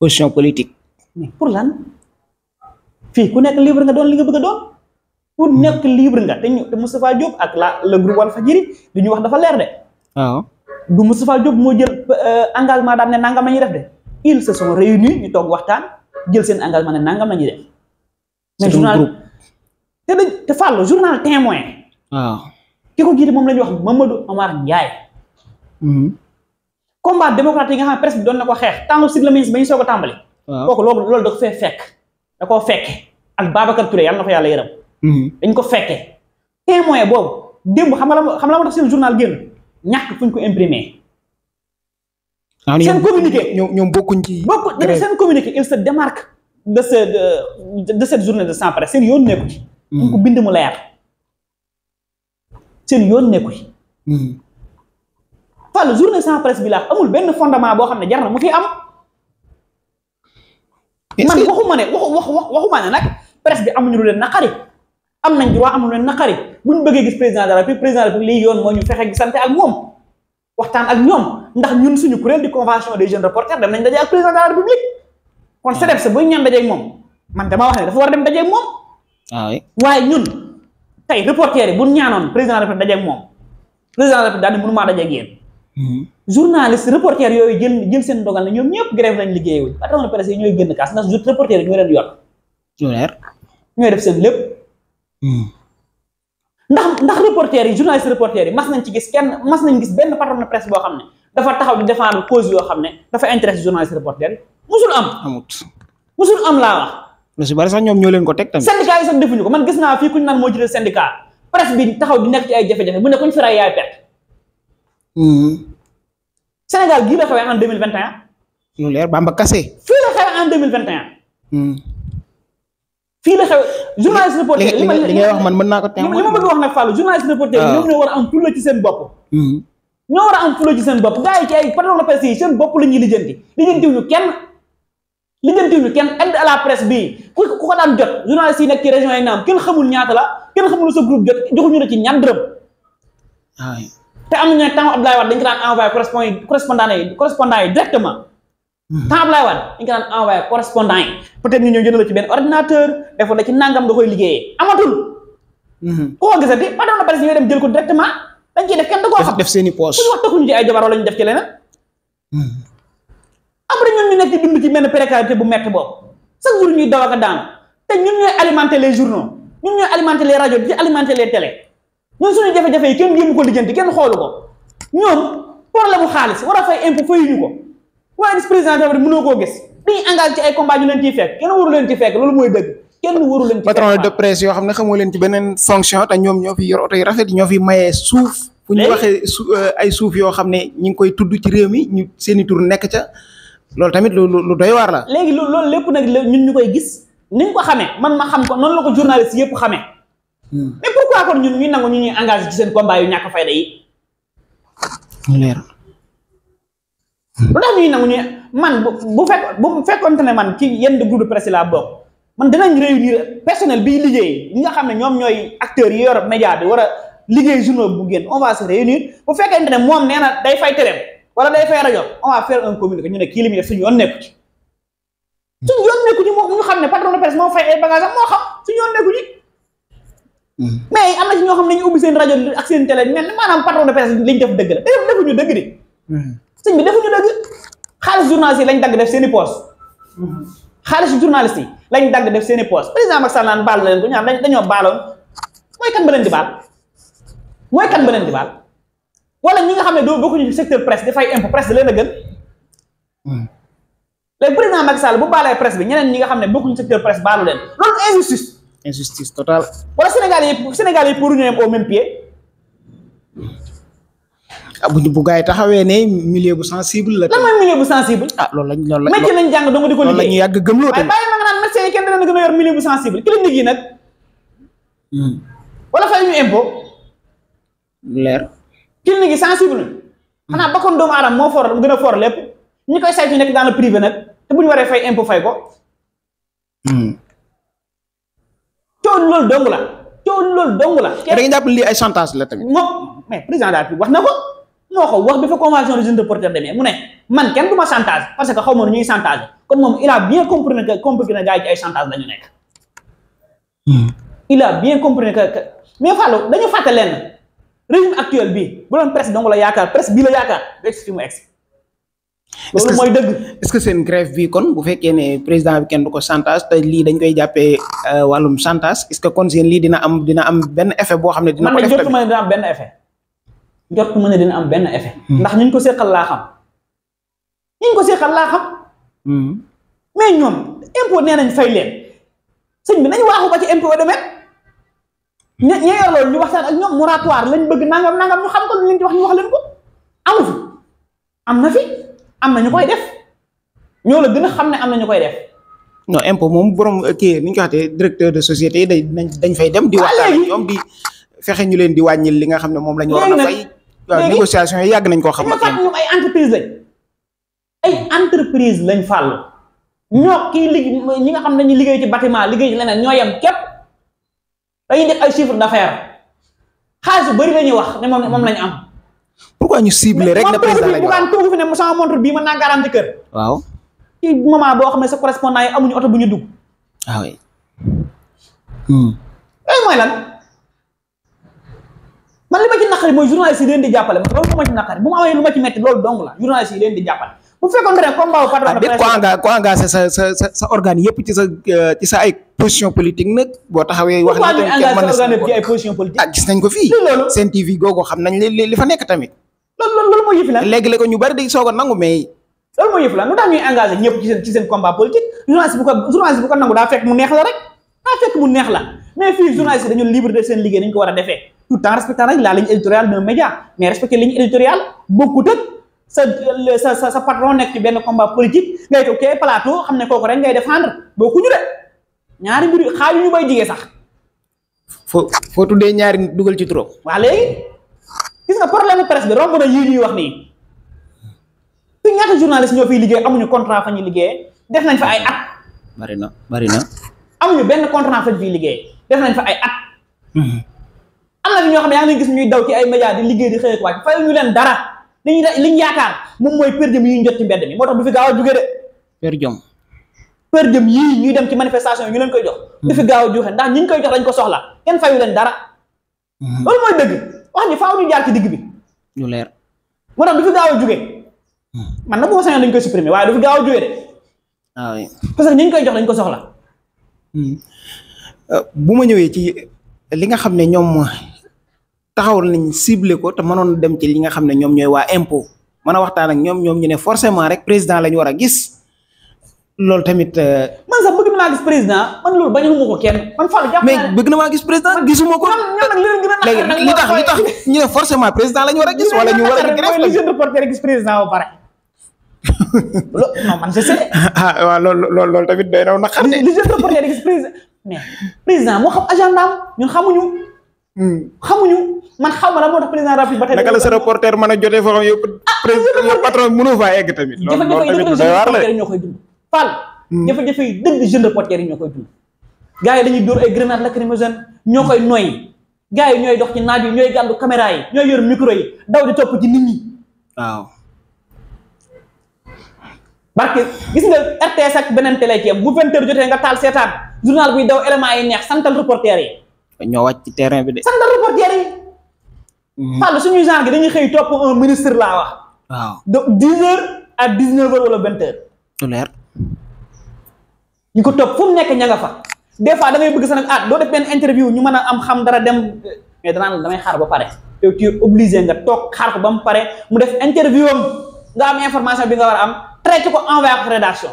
position politique pour lan fii ku nekk libre nga doon li nga bëgg doon ku nekk libre nga te ñu te Moustapha ak la le groupe Walfadjri li ñu wax dafa leer de. waaw du Moustapha Diop moo jël euh, engagement daal ne nangam la ñuy def de ils se sont réunis ñu toog waxtaan jël seen engagement ne nangam la ñuy def. mais journal te dañ te Fallou journal témoin waaw ki ko jiite moom la ñuy wax Mamadou Omar Ndiaye. Mm-hmm. combat démocratique yi nga xam ne presse bi doon na ko xeex tàngu sig la ministre ba ñu soog a tàmbali kooku loolu loolu da ko fee fekk da koo fekke ak Babacar Touré yàlla na ko yàlla yërëm mm-hmm. dañ ko fekkee témoin boobu démb xam nga la xam la moo tax seen journal génn ñàkk fu ñu ko imprimé ah, seen communiqué ñoom bokkuñ ci bokk dañu seen communiqué il se démarque de ce de cette journée de sans presse seen yoon nekku ci mm-hmm. ñu ko bind mu leer seen yoon nekku ci mm-hmm. Fall journée sans presse bi laa amul benn fondement boo xam ne jar na mu fi am. man waxuma ne waxu wax waxuma ne nag presse bi amuñu lu leen naqari am nañ droit am lu leen naqari bu ñu bëggee gis président de la République président de lii yoon moo ñu fexe gisante ak moom waxtaan ak ñoom ndax ñun suñu kuréel di convention des jeunes reporters dem nañ daje ak président de la République kon CDEPS bu ñu ñaan man dama wax ne dafa war a dem dajeeg moom. Ah waaye tey reporters yi bu ñu ñaanoon président de la moom président de la République daal Mm-hmm. journaliste reporter yooyu jël jël seen dogal na ñoom ñëpp grève lañ liggéey wuñ patron de presse yi ñooy génn kaas ndax reporter yi ñoo leen yor def seen lépp mm-hmm. ndax ndax reporter yi journaliste reporter yi mas nañ ci gis kenn mas nañ gis benn patron de presse boo xam ne dafa taxaw di défendre cause yoo xam ne dafa intéresse journaliste reporter yi musul am amut musul am laa wax lu si bari sax ñoom ñoo leen ko teg tamit syndicat yi sax defuñu ko man gis naa fii kuñ naan moo jëlee syndicat presse bi taxaw di nekk ci ay Hmm. Sénégal gii la xewee en deux mille vingt et un. lu leer Bamba Kassé. fii la xewee en deux mille vingt et un. Hmm. fii la xew journaliste reporter li ngay wax man mën naa ko teew li ma bëgg wax nag Fallou journaliste reporter ah. ñoo war am fulla ci seen bopp hmm. ñoo war yi ci ay patron de presse yi seen bopp la ñuy lijjanti lijjantiw ñu kenn lijjantiw ñu kenn aide à la presse bi ku ku ko daan jot journaliste yi nekk ci région yi naam kenn xamul ñaata la kenn xamul sa groupe jot joxuñu la ci ñan dërëm te am nañu ne temps Abdoulaye Wade dañ ko daan envoyé correspondant correspondant yi correspondant yi directement temps Abdoulaye Wade dañ ko daan envoyé correspondant yi peut-être ñu ñëw jënd la ci benn ordinateur defoon la ci nangam da koy liggéeyee amatul mhm. koo gisati ba doon na pare si ñooy dem jël ko directement dañ ciy def kenn da koo xam def seeni poche suñu wax takkuñu ci ay jabar wala ñu def ci leneen mhm. après ñun ñu nekk ci dund ci benn précarité bu metti boobu chaque jour ñuy daw ak a daan te ñun ñooy alimenter les journaux ñun ñooy alimenter les radios di alimenter les télé ñun suñu jafe-jafe yi kenn jéem ko lijjanti kenn xoolu ko ñoom problème mu xaalis war a fay impôt fayuñu ko waaye gis président de koo gis dañuy engagé ci ay combat ñu leen ciy fekk mooy dëgg kenn waru leen ci patron de yoo xam ne xamoo leen ci beneen fonction te ñoom ñoo fi yor oto ñoo fi mayee suuf bu ñu waxee su euh, ay suuf yoo xam ne ñu ngi koy tudd ci réew mi ñu seeni tur nekk ca loolu tamit lu lu doy waar la léegi loolu lépp nag ñun ñu koy gis ni ko xame man ma xam ko noonu la ko journaliste yëpp xamee mais pourquoi kon ñun ñu nangu ñu ñuy engagé seen combat yu ñàkk fayda yi. leer. lu tax ñuy nangu ñu man bu bu fekk bu fekkoonte ne man ci yenn groupe de la laa man danañ réunir personnel biy liggéey ñi nga xam ne ñoom ñooy acteurs yi yor média bi liggéey journaux bu génn on va réunir bu fekkente ne moom nee day fay télé wala day fay rajo on va faire un communiqué ñu ne kii su muy def suñu yoon nekku ci. Hmm. suñu yoon ñu xam ne patron de presse moo fay ay bagages moo xam suñu yoon nekku ci. Mm-hmm. mais am na ñoo xam ne ñu ubbi seen rajo ak seen télé mel ni maanaam patron de presse liñ def dëgg la def defuñu dëgg de mm-hmm. sëñ bi defuñu dëgg xaalis journaliste yi lañ dagg def seen i poos mm-hmm. xaalis journaliste yi lañ dagg def seen i poos président Macky Sall naan baal na leen ko ñaar dañoo baaloon mooy kan ba leen di baal mooy ba leen di baal wala ñi nga xam ne doo bokkuñu secteur presse dafay impôt presse da leen a gën léegi président Macky Sall bu baalee presse bi ñi nga xam ne bokkuñu secteur presse baalu leen loolu injustice injustice totale. wala Sénégal yi Sénégal yi pour ñu yem au même pied. Ah, bu bu yi taxawee ne milieu bu sensible la. mooy milieu bu sensible. ah loolu la loolu la métier nañ di ko liggéey loolu la ñuy yàgg ma nga naan médecin yi gën a yor milieu bu sensible clinique yi nag. Hmm. wala fay ñu impôt. leer. clinique yi sensible. Hmm. xanaa bakkoon doomu aadama moo for gën a foor lépp ñu koy saytu nekk dans le nag te bu ñu waree fay impôt fay ko. Hmm. coow loolu dong la coow la. dañuy jàpp lii la tamit. moom mais président wax na ko moo ko wax bi fa convention des jeunes reporters demee mu ne man kenn du chantage parce que xaw ma nu ñuy chantage kon moom il a bien compris que compris na gars yi ay chantage la nekk. Hmm. il bien compris que mais Fallou dañu fàtte leen régime actuel bi bu doon presse dong la yaakaar presse bii la yaakaar ba si fi loolu mooy dëgg est-ce que seen grève bi kon bu fekkee ne président bi kenn du ko chantage te lii dañ koy jàppee euh, wàllum chantage est-ce que kon seen lii dina am dina am benn effet boo xam ne. dina ko def tamit man de jotuma ne dina am benn effet. ne dina am benn effet. Hmm. ndax ñu ko seqal laa xam. ñu ko seqal laa xam. Hmm. mais ñoom impôt nee nañ fay leen sëñ bi nañu waaxu ba ci impôt demee. ña ña yor loolu ñu waxtaan ak ñoom lañ bëgg nangam nangam ñu xam ko liñ ñu wax leen ko amu fi am na fi. am na ñu koy def ñoo la gën a xam ne am na ñu koy def. non impôt moom borom euh, kii ni ñu ko waxee directeur de société day dañ fay dem. di waxtaan ak ñoom di fexe ñu leen di li nga xam ne moom la ñu war a fay. waaw yi yàgg nañ koo xam ak ñoom ay entreprise lañ ay lañ fàllu ñoo kii lig ñi nga xam ne liggéey ci bâtiment liggéey ci leneen ñoo yem képp dañuy def ay chiffre d'affaires xaalis bu bëri la ñuy wax moom moom lañu am. pour pourquoi ñu ciblé rek. ne président la ñu wax mais moom fi ne sama montre bii mën naa garanti kër. waaw. ci moment boo xam ne sa correspondant yi amuñu oto bu ñu dugg. ah oui. loolu hmm. eh, mooy lan man li ma ci naqari mooy journaliste yi leen di jàppale man loolu moo ma ci naqari bu ma amee lu ma ci metti loolu dong la journaliste yi leen di jàppale. bu fekkoon ne combat patron de presse. ah ko engagé sa sa sa sa organe yëpp ci sa euh, ci sa ay position politique nag boo taxawee. wax nañ ko ci ay position politique. ah gis nañ ko fii. seen TV googu xam nañ li li fa nekk tamit. loolu loolu mooy yëf la. léegi la ko ñu bari di soog a nangu mais. loolu mooy yëf la lu tax ñuy engagé ñëpp ci seen ci seen combat politique journaliste bu ko journaliste bu ko nangu daa fekk mu neex la rek daa fekk mu neex la mais fii journaliste dañu libre de seen liggéey nañ ko war a defee tout temps respectant rek la ligne éditoriale d'un média mais respecter ligne éditoriale bokkut ak sa sa sa patron nekk ci benn combat politique ngay toog kee plateau xam ne kooku rek ngay défendre boo ku ñu de ñaari mbir xaaju ñu bay jigee sax. foo foo tuddee ñaari dugal ci trop. waa léegi gis nga problème presse bi romb na yii ñuy wax nii. fi ñaata journaliste ñoo fiy liggéey amuñu contrat fa ñu liggéey def nañ fa ay at. bari na bari na. amuñu benn contrat fa ñu liggéey def nañ fa ay at. Mhm. am na fi ñoo xam ne yaa ngi gis ñuy daw ci ay médias di liggéey di xëy ak wàcc ñu leen dara. liñ liñ yaakaar moom mooy per diem yi ñu jot ci mbedd mi moo tax du fi gaaw a jugee de. per diem. per diem yii ñuy dem ci manifestation yi ñu la koy jox. du gaaw a jugee ndax koy jox dañ ko soxla kenn fayu dara. Mhm. loolu mooy dëgg wax ni faaw ñu ci digg bi. ñu leer moo tax du fi gaaw a juge mhm. man na bu ma sañoon dañ koy supprimer waaye du fi gaaw a jugee de. Ah parce que ñi ñu koy jox lañ ko soxla. Mhm. Euh, bu ma ñëwee ci li nga xam ne ñoom taxawal nañ ciblé ko te mënoon dem ci li nga xam ne ñoom ñooy waa impôt mën a waxtaan ñoom ñoom ñu ne forcément rek président la ñu war a gis loolu tamit. Euh, man sax bëgg na maa gis président man loolu bañu ma mais bëgg na maa gis président gisuma ko. léegi li tax li tax ñu ne forcément président la ñu war a gis. wala ñu war a gis li jeune reporter gis président ba pare. non man c'est ah loolu tamit day raw na xam ne li jeune mais moo xam agenda am ñun xamuñu. Hmm. xamuñu. man xaw ma la moo tax président rapide ba a jotee foo xam yow ah, président patron mënoo faa egg tamit jafe-jafe yi ñoo koy dund Fall yi hmm. dëgg jeune reporter yi ñoo koy dund gars yi dañuy dóor ay ñoo koy noyyi gars yi ñooy dox ci naaj yi ñooy gàllu caméra yi ñooy yor micro yi daw di topp ci nit ñi waaw barke gis nga RTS beneen télé bu vingt heures jotee nga taal seetaan journal buy daw éléments yi neex santal reporter yi ñoo wàcc ci terrain bi de santal reporter yi Mhm. Fall suñu genre gi dañuy xëy topp un ministre laa wax. waaw donc a heures à dix neuf heures leer. ñu ko topp fu mu nekk ña nga fa. des fois da ngay bëgg sa nag ah doo def benn interview ñu mën a am xam dara dem mais danaan damay xaar ba pare. yow tu es nga toog xaar ko ba mu pare mu def interview am nga am information bi nga war a am traité ko envoyé ko rédaction.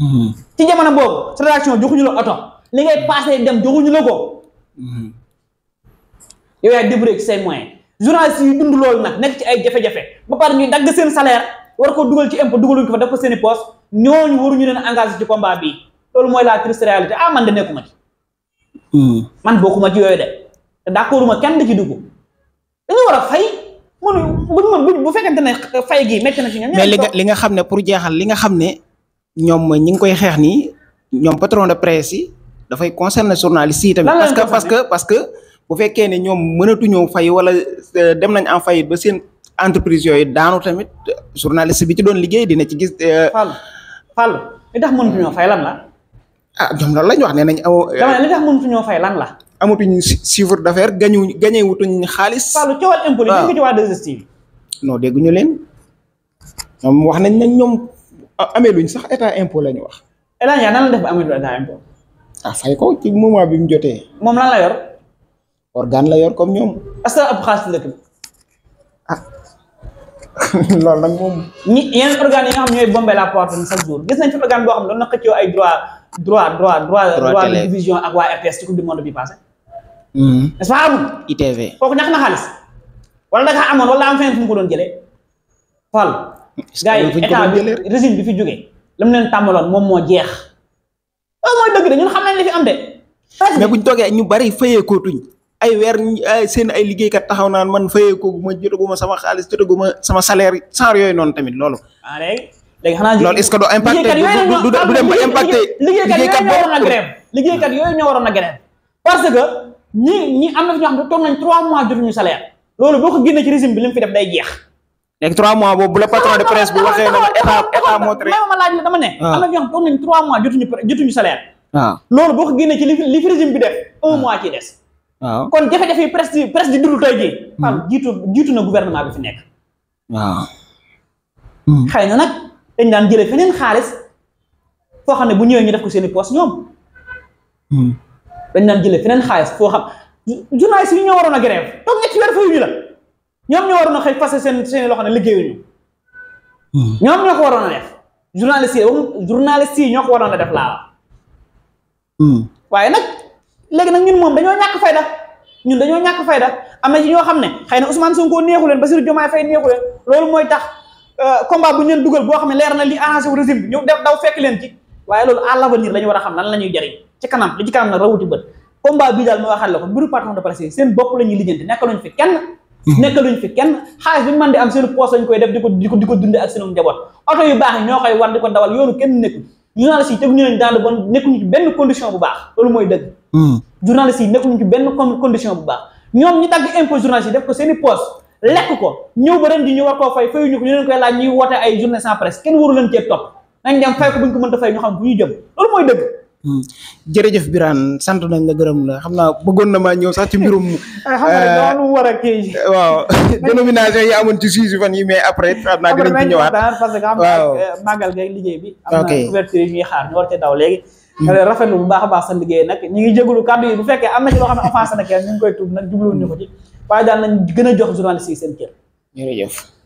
Mhm. ci jamono boobu rédaction joxuñu la oto li ngay passé dem joxuñu la ko. Mhm. yow yaay débrouiller ci say moyens journaliste yi dund loolu nag nekk ci ay jafe-jafe ba pare ñuy dagg seen salaire war ko dugal ci impôt dugaluñ ko fa def ko seen i poste ñooñu waruñu leen engagé ci combat bii loolu mooy la triste réalité ah man de nekkuma ci. Hmm. man bokkuma ci yooyu de te d'accord ma kenn da ci dugg dañu war a fay mënu buñ ma bu fekkente ne fay gi métti na ci ñoom. li li nga xam ne pour jeexal li nga xam ne ñoom ñi ngi koy xeex nii ñoom patron de presse yi dafay concerner journaliste yi tamit. parce parce que parce que. bu fekkee ne ñoom mënatuñoo fay wala euh, dem nañ en faillite ba seen entreprise yooyu daanu tamit journaliste bi ci doon liggéey dina ci gis. Euh, Fall Fall li tax mënatuñoo fay lan la. ah ñoom loolu lañ wax ne nañ. awo dama ne euh, li tax mënatuñoo fay lan la. amatuñ chiffre d'affaires gañu gañe wutuñ xaalis. Fall coowal impo li ah. nga ci waa 2STV. non dégguñu leen ñoom wax nañ ne ñoom amee luñ sax état impôt la ñu wax. El Hadj nan la def ba amee lu état ah fay ko ci moment bi mu jotee. moom lan la yor. organe la yor comme ñoom. est que ab xaalis dëkk bi. ah loolu nag moom. ñi yenn organe yi nga xam ñooy bombé la porte chaque jour gis nañ fi organe boo xam ne doon na ak waa ci coupe du bi passé. Hmm. n'est-ce pas amul. ITV kooku ñàkk na xaalis. wala da ngaa amoon wala am fenn fu doon jëlee. Fall. gaa yi état régime bi fi jógee. la mu leen tàmbaloon moom moo jeex. loolu mooy dëgg de ñun xam nañ li fi am de. mais buñ toogee ñu bari fayee kootuñ ay weer seen ay liggéeykat taxaw naan man fayeeku ma jotaguma sama xaalis jotaguma sama salaire sans yooyu noonu tamit loolu. waaw léegi xanaa loolu est-ce que doo a grève liggéeykat yooyu a grève parce que ñi ñi am na loolu boo ko génnee ci régime bi li mu fi def day jeex. am na fi ñoo xam ne loolu boo ko génnee ci li fi régime bi def un mois ci des waaw kon jafe-jafe yi presse di presse di dund tey jii. Hmm. jiitu na gouvernement bi fi nekk. waaw. Hmm. xëy na nag dañ daan jële feneen xaalis foo xam ne bu ñëwee ñu def ko seen i poste ñoom. Hmm. dañ daan jëlee feneen xaalis foo xam journaliste yi ñoo waroon a grève toog ñetti weer fayuñu la ñoom ñoo waroon a xëy seen seen i loxo ne liggéeyuñu. ñoom ñoo ko waroon a def journaliste yi journaliste yi ñoo ko waroon a def laa waaye nag. léegi nag ñun moom dañoo ñàkk fayda ñun dañoo ñàkk fayda am na ci ñoo xam ne xëy na Ousmane Sonko neexu neexu leen loolu mooy tax euh, combat boo xam ne leer na li arrangé wu régime bi ñu a xam lan la ñuy jariñ ci kanam li ci kanam nag rawuti bët combat bii kenn nekkaluñ fi mhm. ñu di koy def ko di ko di ko dunde ak seenum njaboot oto yu baax bon nekkuñu benn condition bu baax loolu mooy dëgg journaliste yi nekkuñu ci benn condition bu baax ñoom ñu dagg impôt journaliste yi def ko seen i poste lekk ko ñëw ba ren ji woote ay journée sans presse kenn waru ñu xam fu ñu jëm loolu mooy dëgg. Hmm. jërëjëf Birane sant xam naa bëggoon na maa ñëw sax ci mbirum. Ah, xam nga lu war a euh, yi amoon ci suuf si fan yi mais ñëwaat parce que xam nga euh, màggal gi liggéey bi. am na couverture yi ñuy xaar ñu war daw léegi. te mm. rafetlu bu baax a baax sa liggéey nag ñu ngi jégalu kàddu yi bu fekkee am na ci xam ne na kenn ñu ngi koy tuub nag jubluwuñu ko ci waaye daal nañ gën a jox journaliste yi seen kër jërëjëf